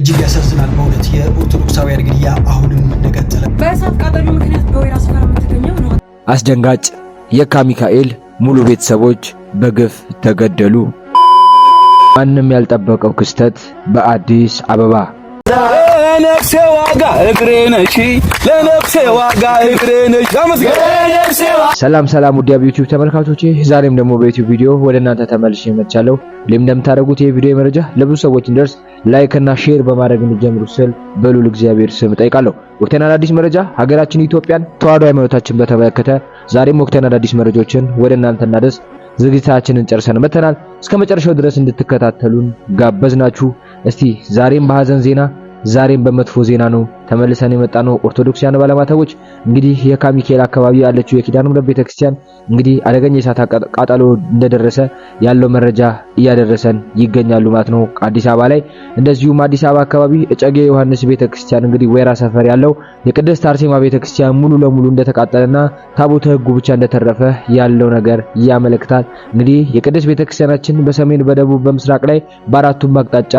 እጅግ ያሳዝናል በእውነት የኦርቶዶክሳውያን ግድያ አሁንም እንደቀጠለ። በእሳት ቃጠሎ ምክንያት በወይራ ስፍራ የምትገኘው ነው አስደንጋጭ የካ ሚካኤል ሙሉ ቤተሰቦች በግፍ ተገደሉ። ማንም ያልጠበቀው ክስተት በአዲስ አበባ ለነፍሴ ዋጋ እግሬ ነሽ፣ ለነፍሴ ዋጋ እግሬ ነሽ። ሰላም ሰላም፣ ውድ ዩቲዩብ ተመልካቾቼ፣ ዛሬም ደግሞ በዩቲዩብ ቪዲዮ ወደ እናንተ ተመልሼ መጥቻለሁ። ሁሌም እንደምታደርጉት የቪዲዮ መረጃ ለብዙ ሰዎች እንደርስ ላይክ እና ሼር በማድረግ እንጀምሩ ስል በሉል እግዚአብሔር ስም እጠይቃለሁ። ወቅታዊ አዳዲስ መረጃ ሀገራችን ኢትዮጵያን ተዋህዶ ሃይማኖታችን በተመለከተ ዛሬም ወቅታዊ አዳዲስ መረጃዎችን ወደ እናንተ እናደርስ ዝግጅታችንን ጨርሰን መተናል። እስከ መጨረሻው ድረስ እንድትከታተሉን ጋበዝናችሁ። እስቲ ዛሬም በሀዘን ዜና ዛሬም በመጥፎ ዜና ነው ተመልሰን የመጣ ነው። ኦርቶዶክሳውያን ባለማተቦች እንግዲህ የካ ሚካኤል አካባቢ ያለችው የኪዳነ ምሕረት ቤተክርስቲያን እንግዲህ አደገኛ የእሳት ቃጠሎ እንደደረሰ ያለው መረጃ እያደረሰን ይገኛሉ ማለት ነው። አዲስ አበባ ላይ እንደዚሁም አዲስ አበባ አካባቢ እጨጌ ዮሐንስ ቤተክርስቲያን እንግዲህ ወይራ ሰፈር ያለው የቅድስት አርሴማ ቤተክርስቲያን ሙሉ ለሙሉ እንደተቃጠለና ታቦተ ሕጉ ብቻ እንደተረፈ ያለው ነገር ያመለክታል። እንግዲህ የቅድስት ቤተክርስቲያናችን በሰሜን፣ በደቡብ፣ በምስራቅ ላይ በአራቱም አቅጣጫ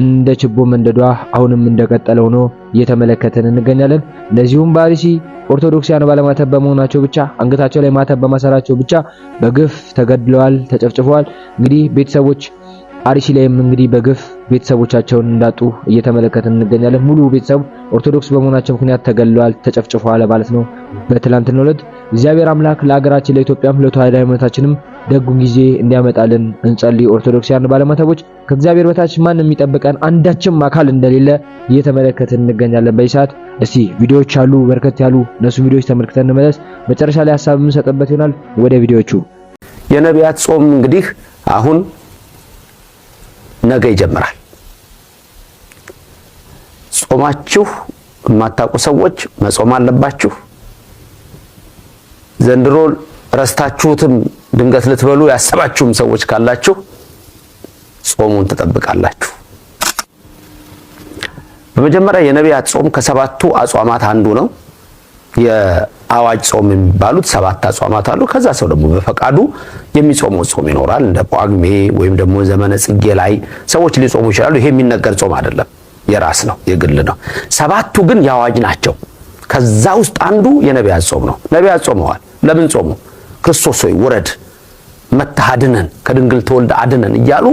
እንደ ችቦ መንደዷ አሁንም እንደቀጠለ ሆኖ እየተመለከተን እንገኛለን። እንደዚሁም በአርሲ ኦርቶዶክሳውያን ባለማተብ በመሆናቸው ብቻ አንገታቸው ላይ ማተብ በማሰራቸው ብቻ በግፍ ተገድለዋል፣ ተጨፍጭፈዋል። እንግዲህ ቤተሰቦች አርሲ ላይም እንግዲህ በግፍ ቤተሰቦቻቸውን እንዳጡ እየተመለከተን እንገኛለን። ሙሉ ቤተሰብ ኦርቶዶክስ በመሆናቸው ምክንያት ተገድለዋል፣ ተጨፍጭፈዋል ማለት ነው። በትላንትናው ዕለት እግዚአብሔር አምላክ ለሀገራችን ለኢትዮጵያም ለተዋሕዶ ሃይማኖታችንም ደጉን ጊዜ እንዲያመጣልን እንጸልይ። ኦርቶዶክሳውያን ባለማተቦች ከእግዚአብሔር በታች ማን የሚጠብቀን አንዳችም አካል እንደሌለ እየተመለከትን እንገኛለን። በዚህ ሰዓት እስቲ ቪዲዮዎች አሉ፣ በርከት ያሉ እነሱ ቪዲዮዎች ተመልክተን እንመለስ። መጨረሻ ላይ ሀሳብ የምንሰጥበት ይሆናል። ወደ ቪዲዮቹ የነቢያት ጾም እንግዲህ አሁን ነገ ይጀምራል። ጾማችሁ የማታውቁ ሰዎች መጾም አለባችሁ። ዘንድሮ ረስታችሁትም ድንገት ልትበሉ ያሰባችሁም ሰዎች ካላችሁ ጾሙን ትጠብቃላችሁ። በመጀመሪያ የነቢያት ጾም ከሰባቱ አጽዋማት አንዱ ነው። የአዋጅ ጾም የሚባሉት ሰባት አጽዋማት አሉ። ከዛ ሰው ደግሞ በፈቃዱ የሚጾመው ጾም ይኖራል። እንደ ጳጉሜ ወይም ደግሞ ዘመነ ጽጌ ላይ ሰዎች ሊጾሙ ይችላሉ። ይሄ የሚነገር ጾም አይደለም፣ የራስ ነው፣ የግል ነው። ሰባቱ ግን የአዋጅ ናቸው። ከዛ ውስጥ አንዱ የነቢያት ጾም ነው። ነቢያት ጾመዋል። ለምን ጾሙ? ክርስቶስ ሆይ ውረድ መታህ አድነን ከድንግል ተወልደ አድነን እያሉ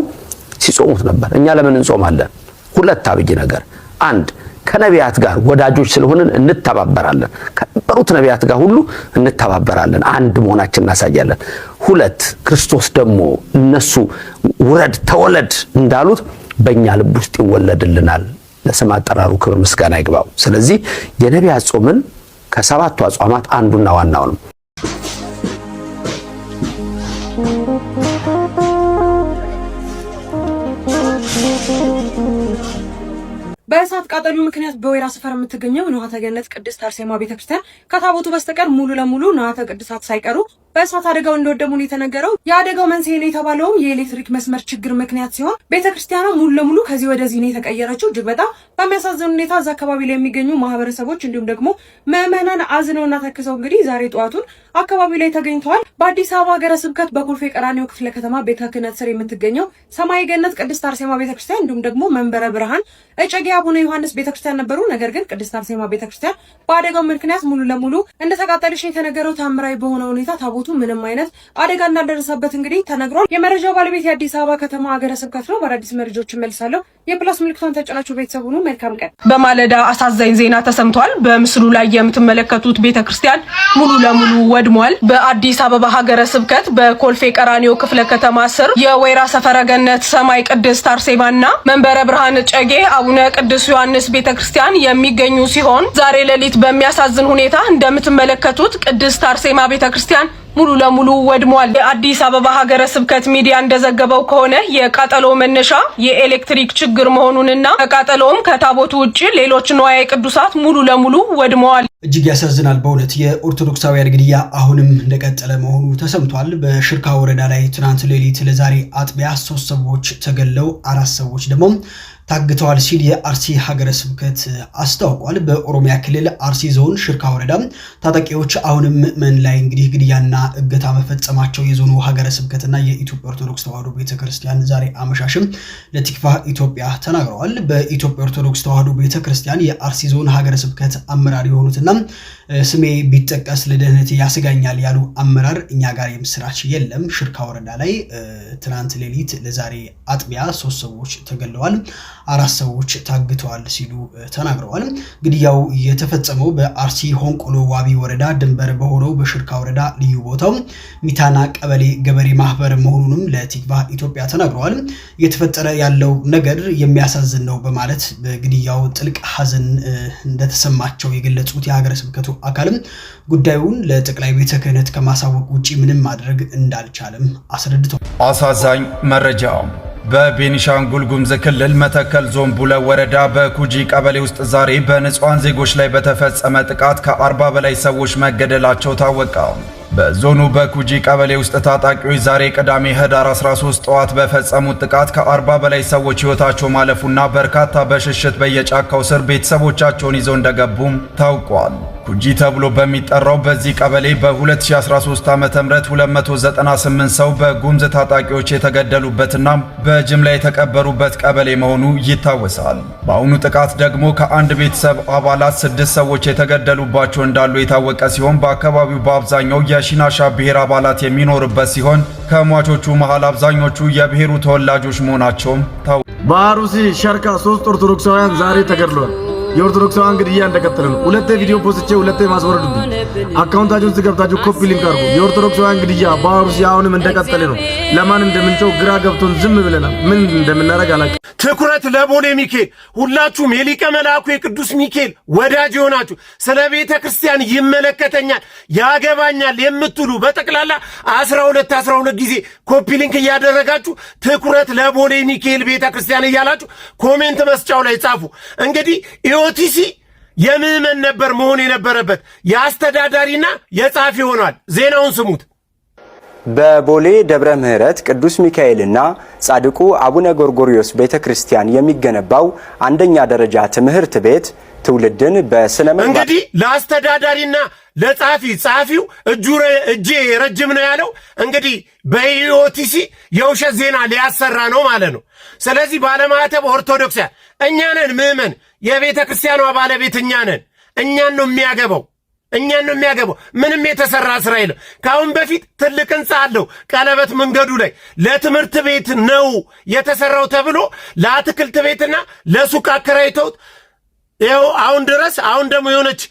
ሲጾሙት ነበር። እኛ ለምን እንጾማለን? ሁለት አብይ ነገር፣ አንድ ከነቢያት ጋር ወዳጆች ስለሆንን እንተባበራለን። ከነበሩት ነቢያት ጋር ሁሉ እንተባበራለን፣ አንድ መሆናችን እናሳያለን። ሁለት ክርስቶስ ደግሞ እነሱ ውረድ ተወለድ እንዳሉት በእኛ ልብ ውስጥ ይወለድልናል። ለስም አጠራሩ ክብር ምስጋና ይግባው። ስለዚህ የነቢያት ጾምን ከሰባቱ አጽዋማት አንዱና ዋናው ነው። በእሳት ቃጠሎ ምክንያት በወይራ ሰፈር የምትገኘው ንዋተ ገነት ቅድስት አርሴማ ቤተክርስቲያን ከታቦቱ በስተቀር ሙሉ ለሙሉ ንዋተ ቅድሳት ሳይቀሩ በእሳት አደጋው እንደወደሙ ነው የተነገረው። የአደጋው መንስኤ ነው የተባለውም የኤሌክትሪክ መስመር ችግር ምክንያት ሲሆን ቤተክርስቲያኗ ሙሉ ለሙሉ ከዚህ ወደዚህ ነው የተቀየረችው። እጅግ በጣም በሚያሳዝን ሁኔታ እዛ አካባቢ ላይ የሚገኙ ማህበረሰቦች እንዲሁም ደግሞ ምዕመናን አዝነውና ተክሰው እንግዲህ ዛሬ ጠዋቱን አካባቢ ላይ ተገኝተዋል። በአዲስ አበባ ሀገረ ስብከት በኮልፌ ቀራኒዮ ክፍለ ከተማ ቤተ ክህነት ስር የምትገኘው ሰማይ ገነት ቅድስት አርሴማ ቤተክርስቲያን እንዲሁም ደግሞ መንበረ ብርሃን እጨጌ አቡነ ዮሐንስ ቤተክርስቲያን ነበሩ። ነገር ግን ቅድስት አርሴማ ቤተክርስቲያን በአደጋው ምክንያት ሙሉ ለሙሉ እንደተቃጠለች የተነገረው ታምራዊ በሆነ ሁኔታ ታቦቱ ምንም አይነት አደጋ እንዳልደረሰበት እንግዲህ ተነግሯል። የመረጃው ባለቤት የአዲስ አበባ ከተማ ሀገረ ስብከት ነው። በአዳዲስ መረጃዎች እመልሳለሁ። የፕላስ ምልክቷን ተጫናችሁ ቤተሰብ ሁኑ። መልካም ቀን። በማለዳ አሳዛኝ ዜና ተሰምቷል። በምስሉ ላይ የምትመለከቱት ቤተክርስቲያን ሙሉ ለሙሉ ወድሟል። በአዲስ አበባ ሀገረ ስብከት በኮልፌ ቀራኒዮ ክፍለ ከተማ ስር የወይራ ሰፈረገነት ሰማይ ቅድስት አርሴማና መንበረ ብርሃን እጨጌ አቡነ ቅድ ቅዱስ ዮሐንስ ቤተክርስቲያን የሚገኙ ሲሆን ዛሬ ሌሊት በሚያሳዝን ሁኔታ እንደምትመለከቱት ቅድስት አርሴማ ቤተክርስቲያን ሙሉ ለሙሉ ወድሟል። የአዲስ አበባ ሀገረ ስብከት ሚዲያ እንደዘገበው ከሆነ የቃጠሎ መነሻ የኤሌክትሪክ ችግር መሆኑንና ከቃጠሎም ከታቦቱ ውጭ ሌሎች ንዋየ ቅዱሳት ሙሉ ለሙሉ ወድመዋል። እጅግ ያሳዝናል። በእውነት የኦርቶዶክሳውያን ግድያ አሁንም እንደቀጠለ መሆኑ ተሰምቷል። በሽርካ ወረዳ ላይ ትናንት ሌሊት ለዛሬ አጥቢያ ሶስት ሰዎች ተገለው አራት ሰዎች ደግሞ ታግተዋል ሲል የአርሲ ሀገረ ስብከት አስታውቋል። በኦሮሚያ ክልል አርሲ ዞን ሽርካ ወረዳ ታጣቂዎች አሁንም ምዕመን ላይ እንግዲህ ግድያና እገታ መፈጸማቸው የዞኑ ሀገረ ስብከትና የኢትዮጵያ ኦርቶዶክስ ተዋሕዶ ቤተክርስቲያን ዛሬ አመሻሽም ለቲክፋ ኢትዮጵያ ተናግረዋል። በኢትዮጵያ ኦርቶዶክስ ተዋሕዶ ቤተክርስቲያን የአርሲ ዞን ሀገረ ስብከት አመራር የሆኑትና ስሜ ቢጠቀስ ለደህንነት ያስጋኛል ያሉ አመራር እኛ ጋር የምስራች የለም። ሽርካ ወረዳ ላይ ትናንት ሌሊት ለዛሬ አጥቢያ ሶስት ሰዎች ተገለዋል። አራት ሰዎች ታግተዋል ሲሉ ተናግረዋል። ግድያው የተፈጸመው በአርሲ ሆንቆሎ ዋቢ ወረዳ ድንበር በሆነው በሽርካ ወረዳ ልዩ ቦታው ሚታና ቀበሌ ገበሬ ማህበር መሆኑንም ለቲክቫ ኢትዮጵያ ተናግረዋል። እየተፈጠረ ያለው ነገር የሚያሳዝን ነው በማለት በግድያው ጥልቅ ሐዘን እንደተሰማቸው የገለጹት የሀገረ ስብከቱ አካልም ጉዳዩን ለጠቅላይ ቤተ ክህነት ከማሳወቅ ውጭ ምንም ማድረግ እንዳልቻለም አስረድቷል አሳዛኝ መረጃ በቤኒሻንጉል ጉምዝ ክልል መተከል ዞን ቡለ ወረዳ በኩጂ ቀበሌ ውስጥ ዛሬ በንጹሐን ዜጎች ላይ በተፈጸመ ጥቃት ከ40 በላይ ሰዎች መገደላቸው ታወቀ። በዞኑ በኩጂ ቀበሌ ውስጥ ታጣቂዎች ዛሬ ቅዳሜ ህዳር 13 ጠዋት በፈጸሙት ጥቃት ከ40 በላይ ሰዎች ሕይወታቸው ማለፉና በርካታ በሽሽት በየጫካው ስር ቤተሰቦቻቸውን ይዘው እንደገቡም ታውቋል። ጉጂ ተብሎ በሚጠራው በዚህ ቀበሌ በ2013 ዓ ም 298 ሰው በጉምዝ ታጣቂዎች የተገደሉበትና በጅምላ የተቀበሩበት ቀበሌ መሆኑ ይታወሳል። በአሁኑ ጥቃት ደግሞ ከአንድ ቤተሰብ አባላት ስድስት ሰዎች የተገደሉባቸው እንዳሉ የታወቀ ሲሆን በአካባቢው በአብዛኛው የሺናሻ ብሔር አባላት የሚኖርበት ሲሆን ከሟቾቹ መሃል አብዛኞቹ የብሔሩ ተወላጆች መሆናቸውም ታወ በአሩሲ ሸርካ ሶስት ኦርቶዶክሳውያን ዛሬ ተገድለዋል። የኦርቶዶክሳውያን ግድያ እንደቀጠለ ነው። ሁለቴ ቪዲዮ ፖስቼ ሁለቴ ማስወረዱብኝ። አካውንታችሁን ዝገብታችሁ ኮፒ ሊንክ አድርጉ። የኦርቶዶክሳውያን ግድያ ባህሩሲ አሁንም እንደቀጠለ ነው። ለማን እንደምንጨው ግራ ገብቶን ዝም ብለናል። ምን እንደምናደርግ አላውቅም። ትኩረት ለቦሌ ሚካኤል። ሁላችሁም የሊቀ መልአኩ የቅዱስ ሚካኤል ወዳጅ የሆናችሁ ስለ ቤተ ክርስቲያን ይመለከተኛል፣ ያገባኛል የምትሉ በጠቅላላ አስራ ሁለት አስራ ሁለት ጊዜ ኮፒ ሊንክ እያደረጋችሁ ትኩረት ለቦሌ ሚካኤል ቤተ ክርስቲያን እያላችሁ ኮሜንት መስጫው ላይ ጻፉ እንግዲህ የኦቲሲ የምዕመን ነበር መሆን የነበረበት። የአስተዳዳሪና የጸሐፊ ሆኗል። ዜናውን ስሙት። በቦሌ ደብረ ምሕረት ቅዱስ ሚካኤልና ጻድቁ አቡነ ጎርጎሪዮስ ቤተ ክርስቲያን የሚገነባው አንደኛ ደረጃ ትምህርት ቤት ትውልድን በስነ እንግዲህ ለአስተዳዳሪና ለጻፊ ጻፊው እጁ እጄ ረጅም ነው ያለው እንግዲህ በኢኦቲሲ የውሸት ዜና ሊያሰራ ነው ማለት ነው። ስለዚህ ባለማዕተብ ኦርቶዶክሳ እኛ ነን፣ ምዕመን የቤተ ክርስቲያኗ ባለቤት እኛ ነን። እኛን ነው የሚያገባው። እኛን ነው የሚያገባው። ምንም የተሰራ ስራ የለም። ከአሁን በፊት ትልቅ ህንፃ አለው ቀለበት መንገዱ ላይ ለትምህርት ቤት ነው የተሰራው ተብሎ ለአትክልት ቤትና ለሱቅ አከራይተውት ይኸው አሁን ድረስ አሁን ደግሞ የሆነች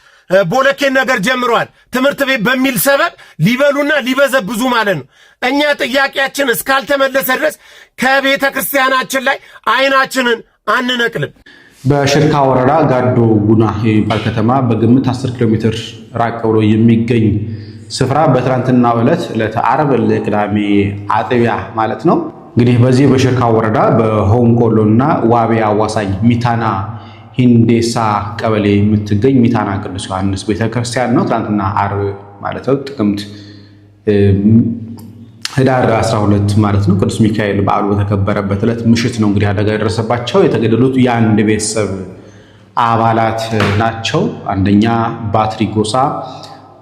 ቦለኬን ነገር ጀምረዋል። ትምህርት ቤት በሚል ሰበብ ሊበሉና ሊበዘብዙ ማለት ነው። እኛ ጥያቄያችን እስካልተመለሰ ድረስ ከቤተ ክርስቲያናችን ላይ አይናችንን አንነቅልም። በሽርካ ወረዳ ጋዶ ጉና የሚባል ከተማ በግምት 10 ኪሎ ሜትር ራቅ ብሎ የሚገኝ ስፍራ በትናንትናው ዕለት ዕለተ ለቅዳሜ አጥቢያ ማለት ነው እንግዲህ በዚህ በሽርካ ወረዳ በሆንቆሎ እና ዋቤ አዋሳኝ ሚታና ሂንዴሳ ቀበሌ የምትገኝ ሚታና ቅዱስ ዮሐንስ ቤተክርስቲያን ነው። ትናንትና አርብ ማለት ነው ጥቅምት ህዳር 12 ማለት ነው። ቅዱስ ሚካኤል በዓሉ በተከበረበት ዕለት ምሽት ነው እንግዲህ አደጋ የደረሰባቸው የተገደሉት የአንድ ቤተሰብ አባላት ናቸው። አንደኛ ባትሪ ጎሳ፣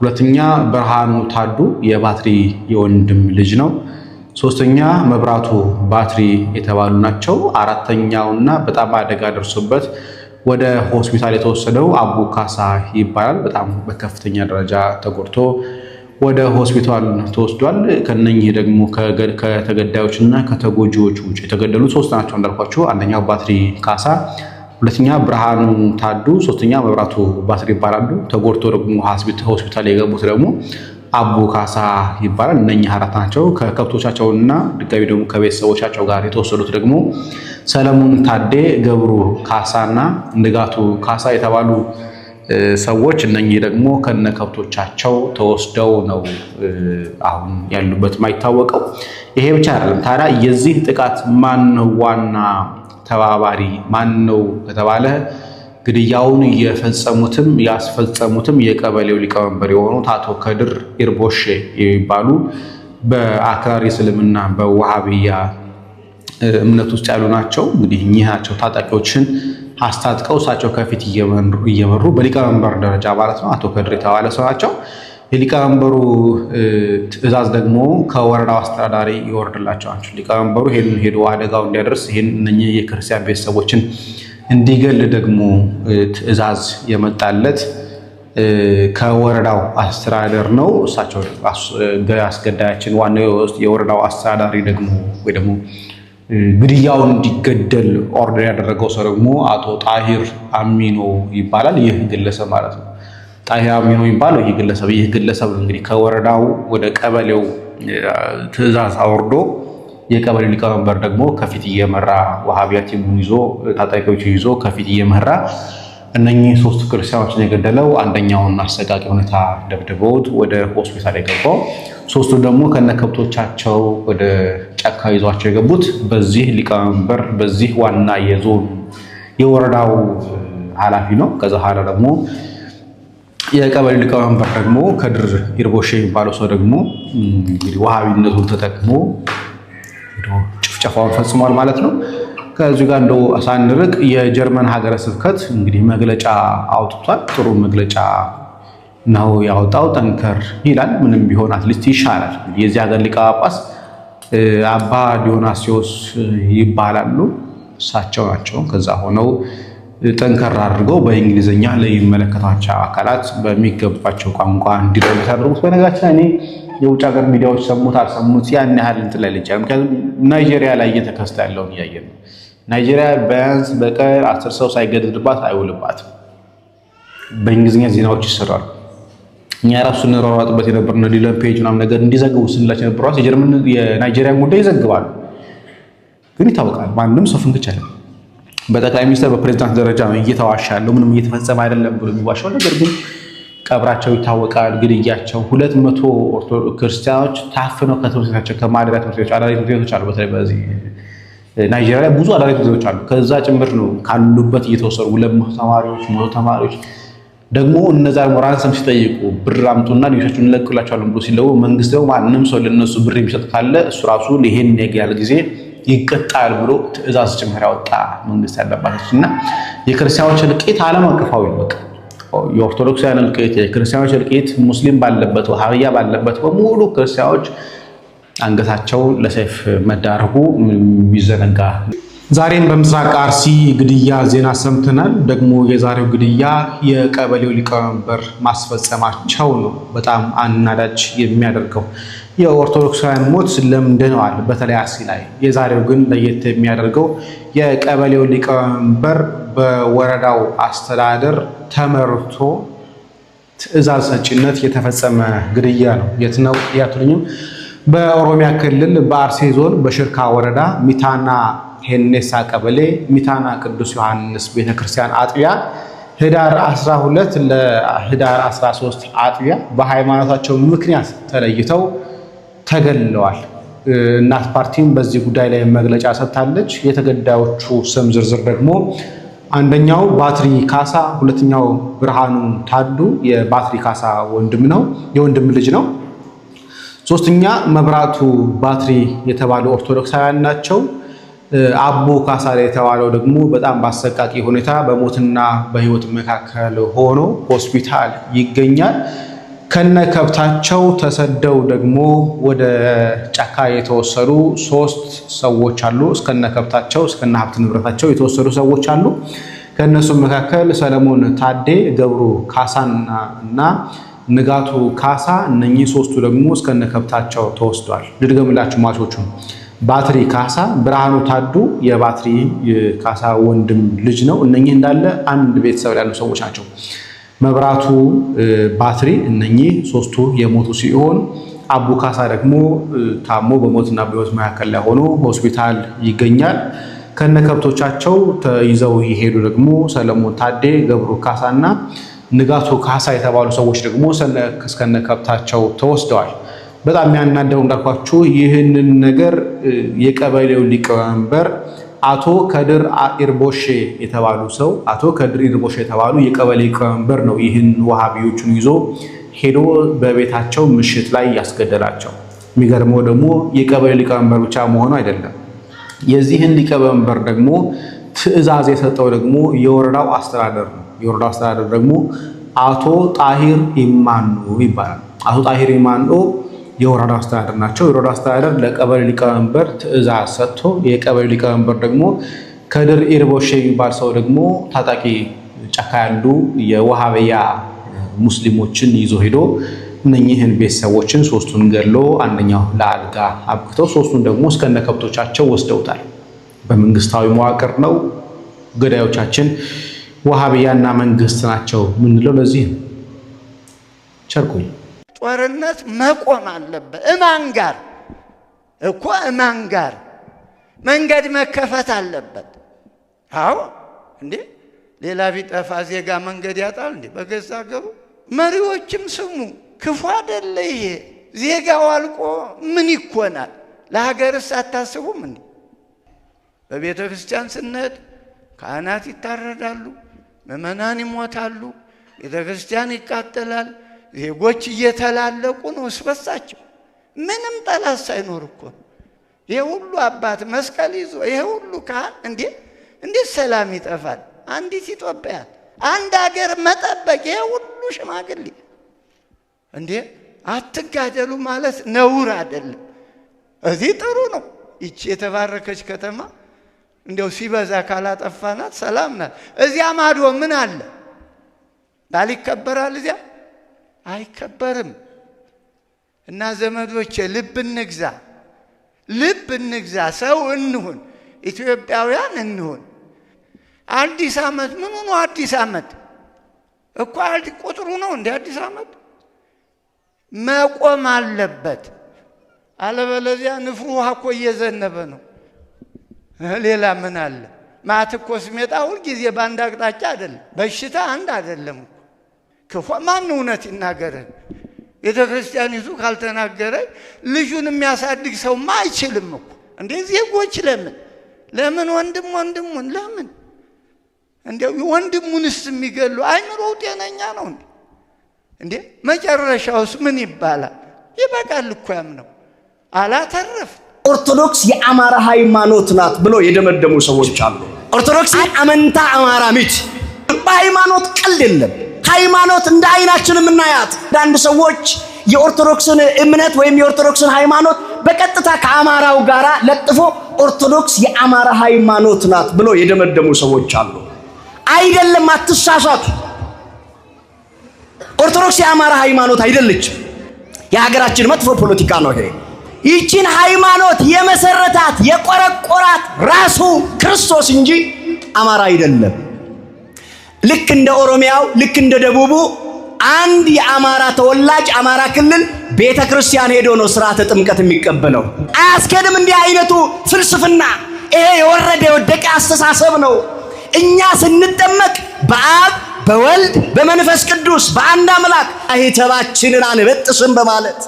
ሁለተኛ ብርሃኑ ታዱ የባትሪ የወንድም ልጅ ነው። ሶስተኛ መብራቱ ባትሪ የተባሉ ናቸው። አራተኛውና በጣም አደጋ ደርሶበት ወደ ሆስፒታል የተወሰደው አቡ ካሳ ይባላል። በጣም በከፍተኛ ደረጃ ተጎድቶ ወደ ሆስፒታል ተወስዷል። ከነኚህ ደግሞ ከተገዳዮች እና ከተጎጂዎች ውጭ የተገደሉ ሶስት ናቸው እንዳልኳቸው፣ አንደኛው ባትሪ ካሳ፣ ሁለተኛ ብርሃኑ ታዱ፣ ሶስተኛ መብራቱ ባትሪ ይባላሉ። ተጎድቶ ደግሞ ሆስፒታል የገቡት ደግሞ አቡ ካሳ ይባላል። እነኚህ አራት ናቸው። ከከብቶቻቸውና ድጋሚ ደግሞ ከቤተሰቦቻቸው ጋር የተወሰዱት ደግሞ ሰለሞን ታዴ፣ ገብሩ ካሳና ንጋቱ ካሳ የተባሉ ሰዎች እነኚህ ደግሞ ከነ ከብቶቻቸው ተወስደው ነው አሁን ያሉበት የማይታወቀው። ይሄ ብቻ አይደለም ታዲያ የዚህ ጥቃት ማን ነው ዋና ተባባሪ ማን ነው ከተባለ ግድያውን የፈጸሙትም ያስፈጸሙትም የቀበሌው ሊቀመንበር የሆኑት አቶ ከድር ኢርቦሼ የሚባሉ በአክራሪ እስልምና በዋሃብያ እምነት ውስጥ ያሉ ናቸው። እንግዲህ እኚህ ናቸው ታጣቂዎችን አስታጥቀው እሳቸው ከፊት እየመሩ በሊቀመንበር ደረጃ ማለት ነው አቶ ከድር የተባለ ሰው ናቸው። የሊቀመንበሩ ትዕዛዝ ደግሞ ከወረዳው አስተዳዳሪ ይወርድላቸዋል። ሊቀመንበሩ ይሄን ሄዶ አደጋው እንዲያደርስ ይሄን እነኚህ የክርስቲያን ቤተሰቦችን እንዲገል ደግሞ ትዕዛዝ የመጣለት ከወረዳው አስተዳደር ነው። እሳቸው አስገዳያችን ዋና የወረዳው አስተዳዳሪ ደግሞ ወይ ደግሞ ግድያው እንዲገደል ኦርደር ያደረገው ሰው ደግሞ አቶ ጣሂር አሚኖ ይባላል። ይህ ግለሰብ ማለት ነው። ጣሂር አሚኖ ይባለው ይህ ግለሰብ ይህ ግለሰብ እንግዲህ ከወረዳው ወደ ቀበሌው ትዕዛዝ አውርዶ የቀበሌው ሊቀመንበር ደግሞ ከፊት እየመራ ቲሙን ይዞ ታጣቂዎቹ ይዞ ከፊት እየመራ እነኚህ ሶስቱ ክርስቲያኖችን የገደለው አንደኛውን አሰቃቂ ሁኔታ ደብድቦት ወደ ሆስፒታል የገባው፣ ሶስቱ ደግሞ ከነ ከብቶቻቸው ወደ ጫካ ይዟቸው የገቡት በዚህ ሊቀመንበር በዚህ ዋና የዞን የወረዳው ኃላፊ ነው። ከዛ ኋላ ደግሞ የቀበሌ ሊቀመንበር ደግሞ ከድር ኢርቦሼ የሚባለው ሰው ደግሞ እንግዲህ ውሃቢነቱን ተጠቅሞ ጭፍጨፋውን ፈጽሟል ማለት ነው። ከዚህ ጋር እንደው ሳንርቅ የጀርመን ሀገረ ስብከት እንግዲህ መግለጫ አውጥቷል። ጥሩ መግለጫ ነው ያወጣው፣ ጠንከር ይላል። ምንም ቢሆን አትሊስት ይሻላል። የዚህ ሀገር ሊቀ ጳጳስ አባ ዲዮናሲዎስ ይባላሉ። እሳቸው ናቸው። ከዛ ሆነው ጠንከር አድርገው በእንግሊዝኛ ለሚመለከታቸው አካላት በሚገባቸው ቋንቋ እንዲረዱ ያደርጉት። በነገራችን እኔ የውጭ ሀገር ሚዲያዎች ሰሙት አልሰሙት ያን ያህል እንትን ላይ ልጃ ምክንያቱም ናይጄሪያ ላይ እየተከስተ ያለውን እያየ ነው። ናይጄሪያ ቢያንስ በቀን አስር ሰው ሳይገደልባት አይውልባትም። በእንግሊዝኛ ዜናዎች ይሰራሉ። እኛ ራሱ ስንሯሯጥበት የነበር ሊለን ፔጅ ምናምን ነገር እንዲዘግቡ ስንላቸው የነበር ራሱ የናይጄሪያን ጉዳይ ይዘግባሉ። ግን ይታወቃል፣ ማንም ሰው ፍንክች አለ። በጠቅላይ ሚኒስትር በፕሬዚዳንት ደረጃ ነው እየተዋሻ ያለው፣ ምንም እየተፈጸመ አይደለም ብሎ የሚዋሻው ነገር ግን ቀብራቸው ይታወቃል፣ ግድያቸው። ሁለት መቶ ክርስቲያኖች ታፍነው ከትምህርት ቤታቸው ከማደሪያ ትምህርት ቤቶች አዳሪ ትምህርት ቤቶች አሉ በተለይ በዚህ ናይጄሪያ ላይ ብዙ አዳሪ ትምህርቶች አሉ። ከዛ ጭምር ነው ካሉበት እየተወሰዱ ሁለት ተማሪዎች መቶ ተማሪዎች ደግሞ እነዛ ደግሞ ራንሰም ሲጠይቁ ብር አምጡና ልጆቻችሁ እንለቅላቸዋለን ብሎ ሲለው መንግስት ደግሞ ማንም ሰው ለነሱ ብር የሚሰጥ ካለ እሱ ራሱ ይሄን ያህል ጊዜ ይቀጣል ብሎ ትዕዛዝ ጭምር ያወጣ መንግስት ያለባቸው እና የክርስቲያኖች እልቂት ዓለም አቀፋዊ በቃ የኦርቶዶክሳውያን እልቂት፣ የክርስቲያኖች እልቂት ሙስሊም ባለበት ወሃብያ ባለበት በሙሉ ክርስቲያኖች አንገታቸው ለሰይፍ መዳረጉ የሚዘነጋ ዛሬን በምስራቅ አርሲ ግድያ ዜና ሰምተናል። ደግሞ የዛሬው ግድያ የቀበሌው ሊቀመንበር ማስፈጸማቸው ነው በጣም አናዳጅ የሚያደርገው። የኦርቶዶክሳውያን ሞት ለምደነዋል፣ በተለይ አርሲ ላይ። የዛሬው ግን ለየት የሚያደርገው የቀበሌው ሊቀመንበር በወረዳው አስተዳደር ተመርቶ ትዕዛዝ ሰጭነት የተፈጸመ ግድያ ነው። የት ነው ያትሉኝም በኦሮሚያ ክልል በአርሴ ዞን በሽርካ ወረዳ ሚታና ሄኔሳ ቀበሌ ሚታና ቅዱስ ዮሐንስ ቤተክርስቲያን አጥቢያ ህዳር 12 ለህዳር 13 አጥቢያ በሃይማኖታቸው ምክንያት ተለይተው ተገለዋል። እናት ፓርቲም በዚህ ጉዳይ ላይ መግለጫ ሰጥታለች። የተገዳዮቹ ስም ዝርዝር ደግሞ አንደኛው ባትሪ ካሳ፣ ሁለተኛው ብርሃኑ ታዱ የባትሪ ካሳ ወንድም ነው የወንድም ልጅ ነው። ሶስተኛ መብራቱ ባትሪ የተባለው ኦርቶዶክሳውያን ናቸው። አቦ ካሳ የተባለው ደግሞ በጣም በአሰቃቂ ሁኔታ በሞትና በሕይወት መካከል ሆኖ ሆስፒታል ይገኛል። ከነ ከብታቸው ተሰደው ደግሞ ወደ ጫካ የተወሰዱ ሶስት ሰዎች አሉ። እስከነ ከብታቸው እስከነ ሀብት ንብረታቸው የተወሰዱ ሰዎች አሉ። ከእነሱም መካከል ሰለሞን ታዴ፣ ገብሩ ካሳና እና ንጋቱ ካሳ፣ እነኚህ ሶስቱ ደግሞ እስከነከብታቸው ተወስዷል። ልድገምላችሁ ማቾቹ ባትሪ ካሳ፣ ብርሃኑ ታዱ የባትሪ ካሳ ወንድም ልጅ ነው። እነኚህ እንዳለ አንድ ቤተሰብ ያሉ ሰዎች ናቸው። መብራቱ ባትሪ፣ እነኚህ ሶስቱ የሞቱ ሲሆን አቡ ካሳ ደግሞ ታሞ በሞትና በሕይወት መካከል ላይ ሆኖ ሆስፒታል ይገኛል። ከነ ከብቶቻቸው ተይዘው የሄዱ ደግሞ ሰለሞን ታዴ፣ ገብሩ ካሳና ንጋቱ ካሳ የተባሉ ሰዎች ደግሞ እስከነ ከብታቸው ተወስደዋል። በጣም የሚያናደው እንዳልኳችሁ ይህንን ነገር የቀበሌው ሊቀመንበር አቶ ከድር ኢርቦሼ የተባሉ ሰው አቶ ከድር ኢርቦሼ የተባሉ የቀበሌ ሊቀመንበር ነው ይህን ውሃቢዎቹን ይዞ ሄዶ በቤታቸው ምሽት ላይ ያስገደላቸው። የሚገርመው ደግሞ የቀበሌ ሊቀመንበር ብቻ መሆኑ አይደለም። የዚህን ሊቀመንበር ደግሞ ትዕዛዝ የሰጠው ደግሞ የወረዳው አስተዳደር ነው። የወረዳ አስተዳደር ደግሞ አቶ ጣሂር ኢማኖ ይባላል። አቶ ጣሂር ኢማኖ የወረዳ አስተዳደር ናቸው። የወረዳ አስተዳደር ለቀበሌ ሊቀመንበር ትዕዛዝ ሰጥቶ የቀበሌ ሊቀመንበር ደግሞ ከድር ኢርቦሽ የሚባል ሰው ደግሞ ታጣቂ ጫካ ያሉ የወሃብያ ሙስሊሞችን ይዞ ሄዶ እነኚህን ቤተሰቦችን ሶስቱን ገድሎ አንደኛው ለአልጋ አብክተው ሶስቱን ደግሞ እስከነ ከብቶቻቸው ወስደውታል። በመንግስታዊ መዋቅር ነው ገዳዮቻችን ውሃብያና መንግስት ናቸው ምንለው ለዚህ ነው። ቸርኩኝ ጦርነት መቆም አለበት። እማን ጋር እኮ እማን ጋር መንገድ መከፈት አለበት። አዎ እንዴ ሌላ ቢጠፋ ዜጋ መንገድ ያጣል እንዴ በገዛ ገቡ መሪዎችም ስሙ፣ ክፉ አደለ ይሄ። ዜጋው አልቆ ምን ይኮናል? ለሀገርስ አታስቡም እንዴ? በቤተ ክርስቲያን ስንሄድ ካህናት ይታረዳሉ። ምእመናን ይሞታሉ፣ ቤተ ክርስቲያን ይቃጠላል፣ ዜጎች እየተላለቁ ነው። እስበሳቸው ምንም ጠላት ሳይኖር እኮ ይሄ ሁሉ አባት መስቀል ይዞ ይሄ ሁሉ ካህን እንዴ እንዴት ሰላም ይጠፋል? አንዲት ኢትዮጵያን አንድ አገር መጠበቅ ይሄ ሁሉ ሽማግሌ እንዴ አትጋደሉ ማለት ነውር አይደለም። እዚህ ጥሩ ነው። ይቺ የተባረከች ከተማ እንደው ሲበዛ ካላጠፋናት ሰላም ናት። እዚያ ማዶ ምን አለ? ባል ይከበራል? እዚያ አይከበርም። እና ዘመዶቼ ልብ እንግዛ፣ ልብ እንግዛ፣ ሰው እንሁን፣ ኢትዮጵያውያን እንሁን። አዲስ ዓመት ምን ሆኖ አዲስ ዓመት እኮ ቁጥሩ ነው እንደ አዲስ ዓመት መቆም አለበት። አለበለዚያ ንፍሩ ውሃ እኮ እየዘነበ ነው። ሌላ ምን አለ? ማት እኮ ስሜጣ ሁልጊዜ በአንድ አቅጣጫ አይደለም። በሽታ አንድ አይደለም። ክፉ ማን እውነት ይናገረን? ቤተ ክርስቲያኒቱ ካልተናገረ ልጁን የሚያሳድግ ሰውማ አይችልም እኮ እንዴ! ዜጎች ለምን ለምን ወንድም ወንድሙን ለምን እንዴ ወንድሙንስ የሚገሉ አይምሮው ጤነኛ ነው እንዴ? እንዴ መጨረሻውስ ምን ይባላል? ይበቃል እኮ ነው አላተረፍ ኦርቶዶክስ የአማራ ሃይማኖት ናት ብሎ የደመደሙ ሰዎች አሉ። ኦርቶዶክስ አመንታ አማራ ሚት በሃይማኖት ቀልድ የለም። ሃይማኖት እንደ አይናችን የምናያት አንዳንድ ሰዎች የኦርቶዶክስን እምነት ወይም የኦርቶዶክስን ሃይማኖት በቀጥታ ከአማራው ጋር ለጥፎ ኦርቶዶክስ የአማራ ሃይማኖት ናት ብሎ የደመደሙ ሰዎች አሉ። አይደለም፣ አትሳሳቱ። ኦርቶዶክስ የአማራ ሃይማኖት አይደለችም። የሀገራችን መጥፎ ፖለቲካ ነው ይሄ። ይቺን ሃይማኖት የመሰረታት የቆረቆራት ራሱ ክርስቶስ እንጂ አማራ አይደለም። ልክ እንደ ኦሮሚያው፣ ልክ እንደ ደቡቡ አንድ የአማራ ተወላጅ አማራ ክልል ቤተ ክርስቲያን ሄዶ ነው ስርዓተ ጥምቀት የሚቀበለው። አያስኬድም። እንዲህ አይነቱ ፍልስፍና፣ ይሄ የወረደ የወደቀ አስተሳሰብ ነው። እኛ ስንጠመቅ በአብ በወልድ በመንፈስ ቅዱስ በአንድ አምላክ አይተባችንን አንበጥስም በማለት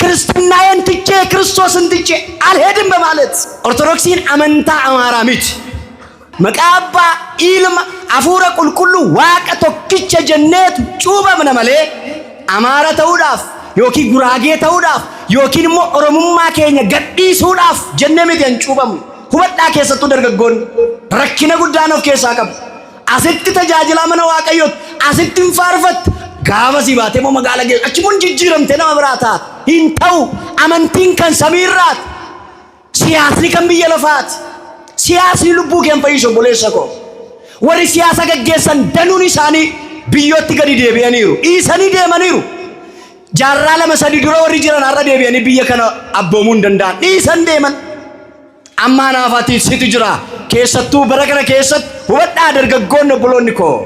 ክርስትናዬን ትቼ ክርስቶስን ትቼ አልሄድም በማለት ኦርቶዶክሲን አመንታ አማራሚት መቃባ ኢልማ አፉረ ቁልቁሉ ዋቀ ቶኪቸ ጀኔቱ ጩበ ምነመሌ አማራ ተውዳፍ ዮኪ ጉራጌ ተውዳፍ ዮኪን ሞ ኦሮሙማ ኬኛ ገዲሱዳፍ ጀኔ ሚቲያን ጩበሙ ሁበዳ ኬሰቱ ደርገጎን ረኪነ ጉዳኖፍ ኬሳ ቀቡ አስት ተጃጅላ መነ ዋቀዮት አስት እንፋርፈት Gaafasii baatee moo magaalaa geessu achimuun jijjiiramtee nama biraa taate. Hin ta'u amantiin kan samiirraati. Siyaasni kan biyya lafaati. Siyaasni lubbuu keen fayyisa obboleessa koo. Warri siyaasa gaggeessan danuun isaanii biyyootti gadi deebi'aniiru. Dhiisanii deemaniiru. Jaarraa lama sadi dura warri jiran har'a deebi'anii biyya kana abboomuu hin danda'an. Dhiisan deeman. Amma anaafaatiin situ jira. Keessattuu bara kana keessatti hubadhaa dargaggoonni obboloonni koo.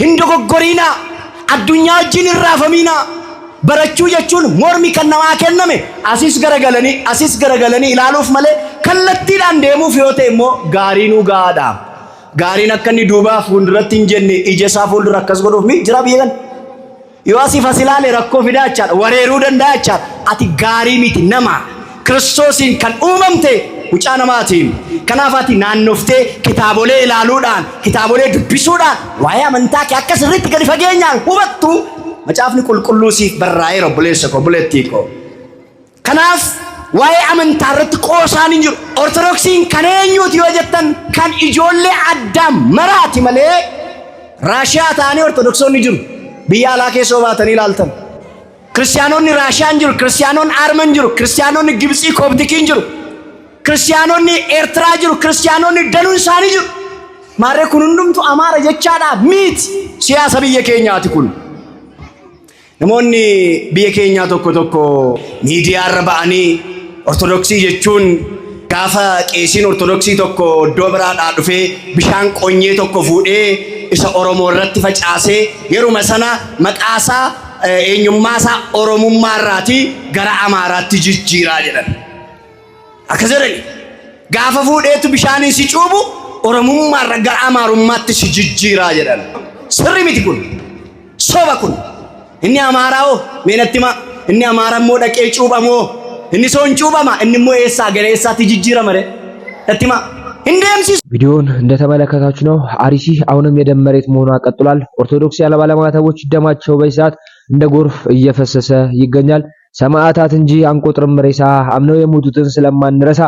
Hin dogoggoriinaa. addunyaa wajjin irraa famiinaa barachuu jechuun mormi kan namaa kenname asis garagalanii asis garagalanii ilaaluuf malee kallattiidhaan deemuuf yoo ta'e immoo gaariinuu gaadha. Gaariin akka inni duubaa fuulduratti hin jenne ija isaa fuuldura akkas godhuuf mi jira biyya kana. Yoo asif as ilaale rakkoo fidaa jechaadha wareeruu danda'a jechaadha ati gaarii miti nama kiristoosiin kan uumamte Wucaa namaatiin. Kanaafati naannoftee kitaabolee ilaaluudhaan, kitaabolee dubbisuudhaan waa'ee amantaa kee akka sirriitti gadi fageenyaan hubattu macaafni qulqulluu siif barraa'eera obboleessa koo obboleettii koo. Kanaaf waa'ee amantaa irratti qoosaan hin jiru. Ortodoksiin kan eenyuuti yoo jettan kan ijoollee addaan maraati malee raashiyaa ta'anii ortodoksonni jiru. Biyya alaa keessoo baatanii ilaaltan. Kiristaanonni raashiyaa hin jiru. Kiristaanonni arman jiru. Kiristaanonni gibsii koobdikii hin jiru. ክርስቲያኖonni eertiraa jiru kiristaanonni danuun isaanii jiru maarree kun hundumtu amaara jechaadhaa miiti siyaasa biyya keenyaati kun namoonni biyya keenyaa tokko tokko miidiyaarra ba'anii ortodoksii jechuun gaafa qeesiin ortodoksii tokko iddoo biraadhaa dhufee bishaan qonyee tokko fuudhee isa oromoo irratti facaasee yeruma sana maqaasaa eenyummaasaa oromummaa irraatii gara amaaraatti jijjiiraa jedhan akka jedhani gaafa fuudheetu bishaanii si cuubu oromummaarra gara amaarummaatti si jijjiiraa jedhan sirri miti kun soba kun inni amaaraawoo ma inni amaarammoo dhaqee cuuphamoo inni soon cuuphama innimmoo eessaa gara eessaatti jijjiirama re nattima ቪዲዮውን እንደተመለከታችሁ ነው። አርሲ አሁንም የደም መሬት መሆኗ ቀጥሏል። ኦርቶዶክስ ያለ ባለማተቦች ደማቸው በዚህ ሰዓት እንደ ጎርፍ እየፈሰሰ ይገኛል። ሰማዕታት እንጂ አንቆጥርም ሬሳ፣ አምነው የሞቱትን ስለማንረሳ።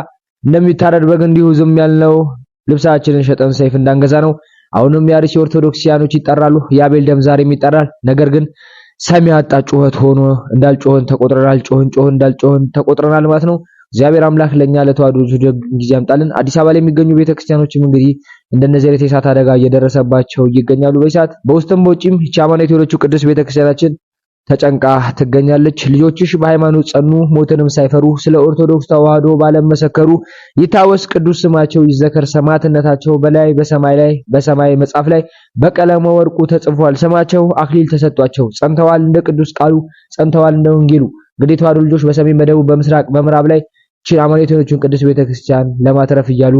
እንደሚታረድ በግ እንዲሁ ዝም ያልነው ልብሳችንን ሸጠን ሰይፍ እንዳንገዛ ነው። አሁንም የአርሲ ኦርቶዶክሲያኖች ይጠራሉ፣ የአቤል ደም ዛሬም ይጠራል። ነገር ግን ሰሚ አጣ ጩኸት ሆኖ እንዳልጮህን ተቆጥረናል። ጮህን ጮህን እንዳልጮህን ተቆጥረናል ማለት ነው። እግዚአብሔር አምላክ ለኛ ለተዋዶቹ ደግ ጊዜ ያምጣልን። አዲስ አበባ ላይ የሚገኙ ቤተክርስቲያኖችም እንግዲህ እንደነዚህ አይነት የእሳት አደጋ እየደረሰባቸው ይገኛሉ። በእሳት በውስጥም በውጪም ቻማኔ ቴዎሎቹ ቅዱስ ቤተክርስቲያናችን ተጨንቃ ትገኛለች። ልጆችሽ በሃይማኖት ጸኑ፣ ሞትንም ሳይፈሩ ስለ ኦርቶዶክስ ተዋህዶ ባለመሰከሩ ይታወስ ቅዱስ ስማቸው ይዘከር፣ ሰማዕትነታቸው በላይ በሰማይ ላይ በሰማይ መጽሐፍ ላይ በቀለመ ወርቁ ተጽፏል። ስማቸው አክሊል ተሰጧቸው፣ ጸንተዋል እንደ ቅዱስ ቃሉ፣ ጸንተዋል እንደ ወንጌሉ። እንግዲህ ተዋሕዶ ልጆች በሰሜን በደቡብ በምስራቅ በምዕራብ ላይ ችን አማኔቶቹን ቅዱስ ቤተክርስቲያን ለማትረፍ እያሉ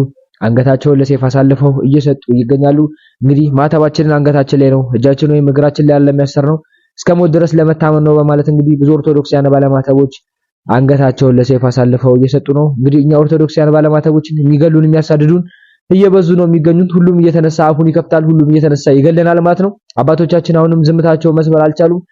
አንገታቸውን ለሴፍ አሳልፈው እየሰጡ ይገኛሉ። እንግዲህ ማተባችንን አንገታችን ላይ ነው፣ እጃችን ወይም እግራችን ላይ ያለ የሚያሰር ነው። እስከ ሞት ድረስ ለመታመን ነው በማለት እንግዲህ ብዙ ኦርቶዶክሳውያን ባለማተቦች አንገታቸውን ለሰይፍ አሳልፈው እየሰጡ ነው። እንግዲህ እኛ ኦርቶዶክሳውያን ባለማተቦችን የሚገሉን የሚያሳድዱን እየበዙ ነው የሚገኙት። ሁሉም እየተነሳ አፉን ይከፍታል፣ ሁሉም እየተነሳ ይገለናል ማለት ነው። አባቶቻችን አሁንም ዝምታቸው መስበር አልቻሉም።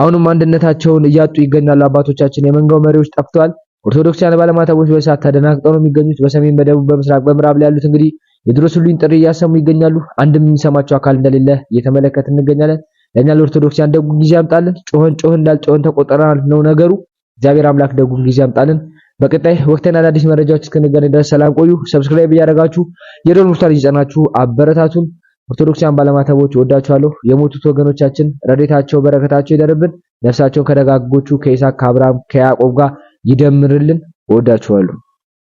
አሁንም አንድነታቸውን እያጡ ይገኛሉ። አባቶቻችን የመንጋው መሪዎች ጠፍተዋል። ኦርቶዶክሳውያን ባለማተቦች በሳት ተደናግጠው ነው የሚገኙት። በሰሜን፣ በደቡብ፣ በምስራቅ፣ በምዕራብ ላይ ያሉት እንግዲህ የድረሱልኝ ጥሪ እያሰሙ ይገኛሉ። አንድም የሚሰማቸው አካል እንደሌለ እየተመለከት እንገኛለን። ለእኛ ለኦርቶዶክሲያን ደጉን ጊዜ ያምጣልን። ጮኸን ጮኸን እንዳልጮኸን ተቆጠረናል ነው ነገሩ። እግዚአብሔር አምላክ ደጉን ጊዜ ያምጣልን። በቀጣይ ወቅታዊና አዳዲስ መረጃዎች እስክንገናኝ ድረስ ሰላም ቆዩ። ሰብስክራይብ እያደረጋችሁ የደወል ምልክቱን እየጫናችሁ አበረታቱን። ኦርቶዶክሲያን ባለማተቦች ወዳችኋለሁ። የሞቱት ወገኖቻችን ረዴታቸው በረከታቸው ይደርብን። ነፍሳቸውን ከደጋጎቹ ከኢሳክ፣ ከአብርሃም፣ ከያዕቆብ ጋር ይደምርልን። ወዳችኋለሁ።